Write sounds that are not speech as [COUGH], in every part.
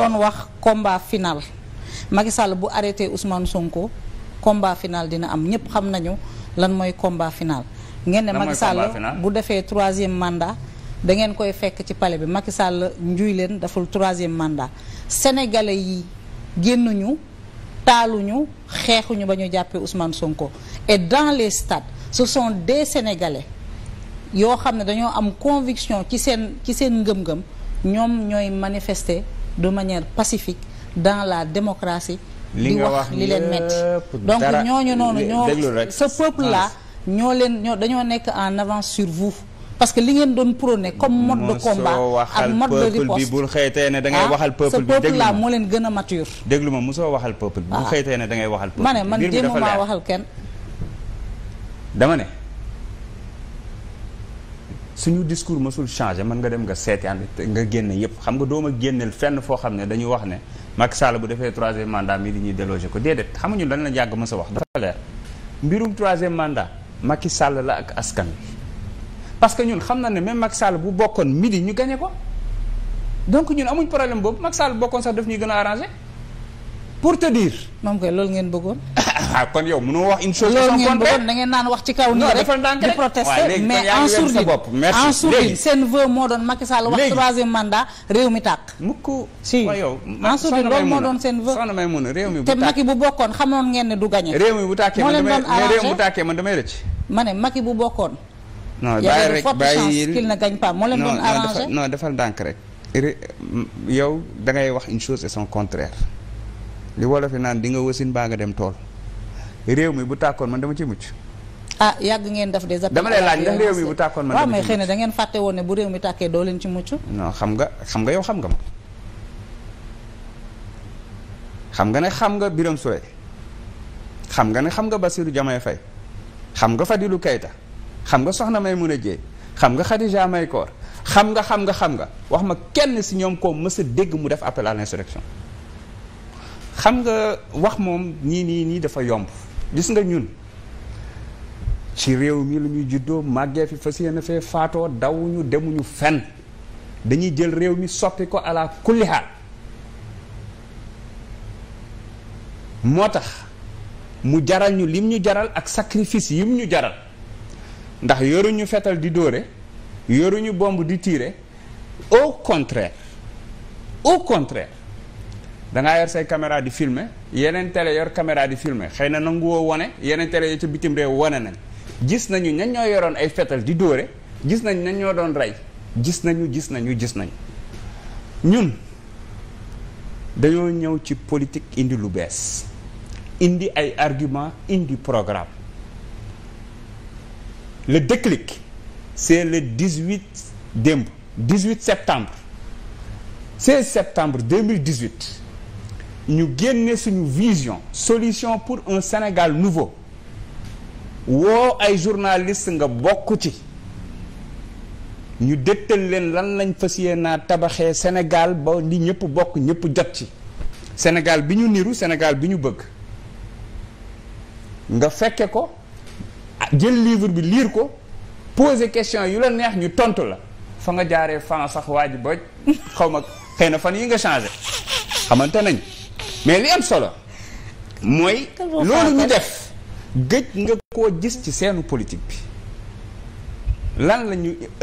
doon wax combat final Macky Sall bu arrêté Ousmane Sonko combat final dina am ñëpp xam nañu lan mooy combat final. ngeen ne Macky Sall bu defee troisième mandat da ngeen koy fekk ci pale bi Macky Sall njuy leen deful troisième mandat sénégalais yi génnuñu taaluñu xeexuñu bañu ñu jàppee Ousmane Sonko et dans les stades ce sont des sénégalais yoo xam ne dañoo am conviction ci seen ci seen ngëm-ngëm ñoom ñooy manifester. de manière pacifique dans la démocratie li nga wax li leen metti donc ñooñu noonu ñoo ce peuple là ah. ñoo leen ñoo dañoo nekk en avance sur vous parce que li ngeen doon prôné comme mode de combat ak mode de riposte bi bul xëytee ne da ah, waxal peuple bi déglu la moo leen gën a mature déglu ma mosoo waxal peuple bi bul ah. xëytee ne da ngay waxal peuple ma ne man jéem maa waxal kenn dama ne suñu discours mësul changé mën nga dem nga seetaan nga génne yépp xam nga dooma génneel fenn foo xam ne dañu wax ne Macky Sall bu defee troisième mandat mi di ñuy délogé ko déedéet xamuñu lan la yàgg mës a wax dafa leer mbirum troisième mandat Macky Sall la ak askan wi parce que ñun xam na ne même mag Sall bu bokkoon midi ñu gagné ko donc ñun amuñ problème boobu Macky Sall bokkoon sax daf ñuy gën a arrangé pour te dire. moom kay loolu ngeen bëggoon. [COUGHS] ah kon yow mënoo wax une chose. loolu ngeen ngeen naan wax ci kaw nii rek di protester mais en sourdine en sourdine seen vœu moo doon Macky Sall wax troisième mandat réew mi tàkk. mukk si en sourdine loolu moo doon seen vœu soxna may réew mi bu tàkk bu bokkoon xamoon ngeen ne du gagné. réew mi bu tàkkee man damay réew mi bu tàkkee man damay rëcc. ma ne bu bokkoon. non bàyyi rek bàyyi qu'il moo leen doon arrangé defal ndànk rek da ngay wax une chose et son contraire li wolof yi naan di nga wasin baa nga dem tool réew mi bu tàkkoon man dama ci mucc. ah yàgg ngeen def des appels dama lay laaj ndax réew mi bu tàkkoon man. waaw mais xëy na da ngeen fàtte woon bu réew mi tàkkee doo leen ci mucc. non xam nga xam nga yow xam nga ma. xam nga ne xam nga Birame Souleye xam nga ne xam nga Bassirou Diomaye Faye xam nga Fadilou Keita xam nga Soxna Maimouna Dièye xam nga Khadija Maykor xam nga xam nga xam nga wax ma kenn si ñoom koo mës dégg mu def appel à l'insurrection xam nga wax moom ñii nii nii dafa yomb. gis nga ñun ci réew mi la ñuy juddoo màggee fi fas yéene fee faatoo dawuñu demuñu fen dañuy jël réew mi soppi ko ala kulli haal moo tax mu jaral ñu lim ñu jaral ak sacrifice yim ñu jaral ndax yoruñu fetal di dóore yoruñu bomb di tiire au contraire au contraire dangaa ngaa yor say caméra di filmer yeneen télé yor caméra di filmer xëy na nanguwoo wane yeneen télé yi ca bitim réew wane nañ gis nañu ñan ñoo yoroon ay fetal di dóore gis nañ ñan ñoo doon rey gis nañu gis nañu gis nañu ñun dañoo ñëw ci politique indi lu bees indi ay argument indi programme le déclic c'est le 18 démb 18 septembre 16 septembre 2018 ñu génne suñu vision solution pour un Sénégal nouveau woo ay journaliste nga bokk ci ñu dëttal leen lan lañ fas yéenaa tabaxee Sénégal ba li ñëpp bokk ñëpp jot ci Sénégal bi ñu niru Sénégal bi ñu bëgg nga fekke ko jël livre bi lire ko poser question yu la neex ñu tontu la fa nga jaaree fan sax waa ji ba [LAUGHS] xaw ma xëy na fan yi nga changé xamante nañ mais li am solo mooy loolu ñu def gëj nga koo gis ci seenu politique bi lan la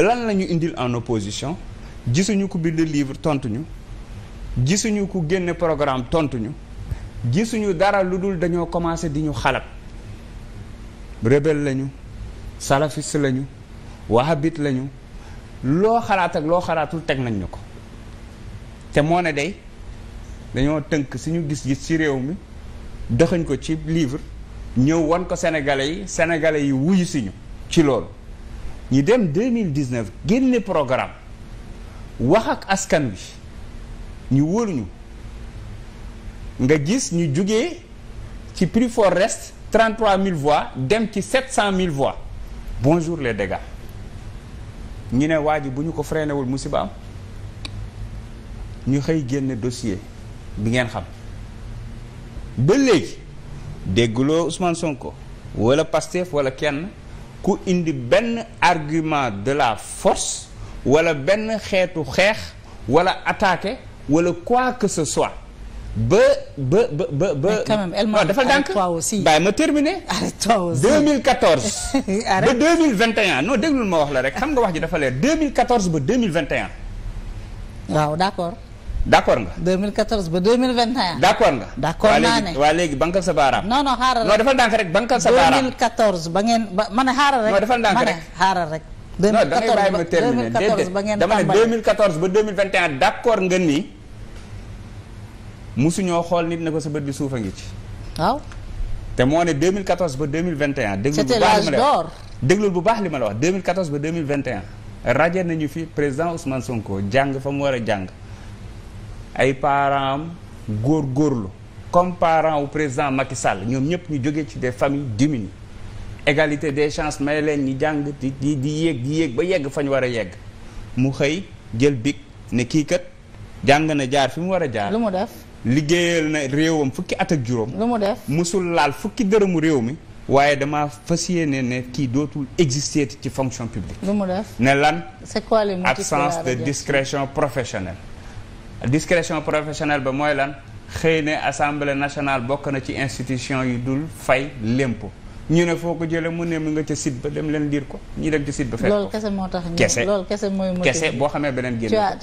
lan la ñu indil en opposition gisuñu ko bind livre tontuñu gisuñu ko génne programme tontuñu gisuñu dara lu dul dañoo commencé di ñu xalab rebelle lañu salafiste lañu wahabit lañu loo xalaat ak loo xalaatul teg nañ ñu ko te moo ne day dañoo tënk suñu gis-gis ci réew mi doxañ ko ci livre ñëw wan ko sénégalais yi sénégalais yi wuyu siñu ci loolu ñu dem 2019 génne programme wax ak askan wi ñu wóoruñu nga gis ñu jugee ci prix fort reste 33000 voix dem ci mille vois bonjour les dégâts ñu ne waa ji bu ñu ko freiné wul musiba am ñu xëy génne dossier bi ngeen xam ba léegi dégguloo Ousmane Sonko wala Pastef wala kenn ku indi benn argument de la force wala benn xeetu xeex wala attaqué wala quoi que ce soit ba ba ba ba ba. mais quand même elle m'a dafa dànk bàyyi ma terminer. arrête-toi aussi 2014. [LAUGHS] ba 2021 non déglul ma wax la rek xam nga wax ji dafa leer 2014 ba 2021. waaw d'accord. d' accord nga. 2014 ba 2021. d' accord nga. d' accord naa ne waa léegi bankal sa baaraam. non non xaaral rek non dafa ndànk rek bankal sa baaraam. 2014 ba ngeen ba man xaaral rek. non dafa ndànk rek man xaaral rek. ba ngeen tàmbali non da ngay bàyyi ma terminer déedéet dama ne 2014 ba nga ni musuñoo xool nit ne ko sa bët bi suuf a ngi ci. waaw. te moo ne 2014 ba 2021. c' était l'âge d'or déglul bu baax li ma la wax 2014 ba 2021 rajo nañu fi président Ousmane Sonko jàng fa mu war a jàng. ay parents am góor góorlu comme parent au président Macky Sall ñoom ñëpp ñu jógee ci des familles démunies égalité des chance may leen ñi jàng di di yéeg di yéeg ba yegg fa ñu war a yegg mu xëy jël big ne kii kat jàng na jaar fi mu war a jaar. lu def liggéeyal na réewam fukki at ak juróom. lu mu def musul laal fukki dërëmu réew mi. waaye dama fas yéene ne kii dootul exister ci fonction publique. lu ne lan. c'est quoi les absence de discrétion professionnel discrétion professionnelle ba mooy lan xëy na assemblée nationale bokk na ci institution yi dul fay lémpo ñu ne foo ko jëlee mu ne mu nga ca site ba dem leen liir ko ñu dem ca site ba. fekk ko kese moo tax ñu. kese loolu kese mooy. kese boo xamee beneen génn.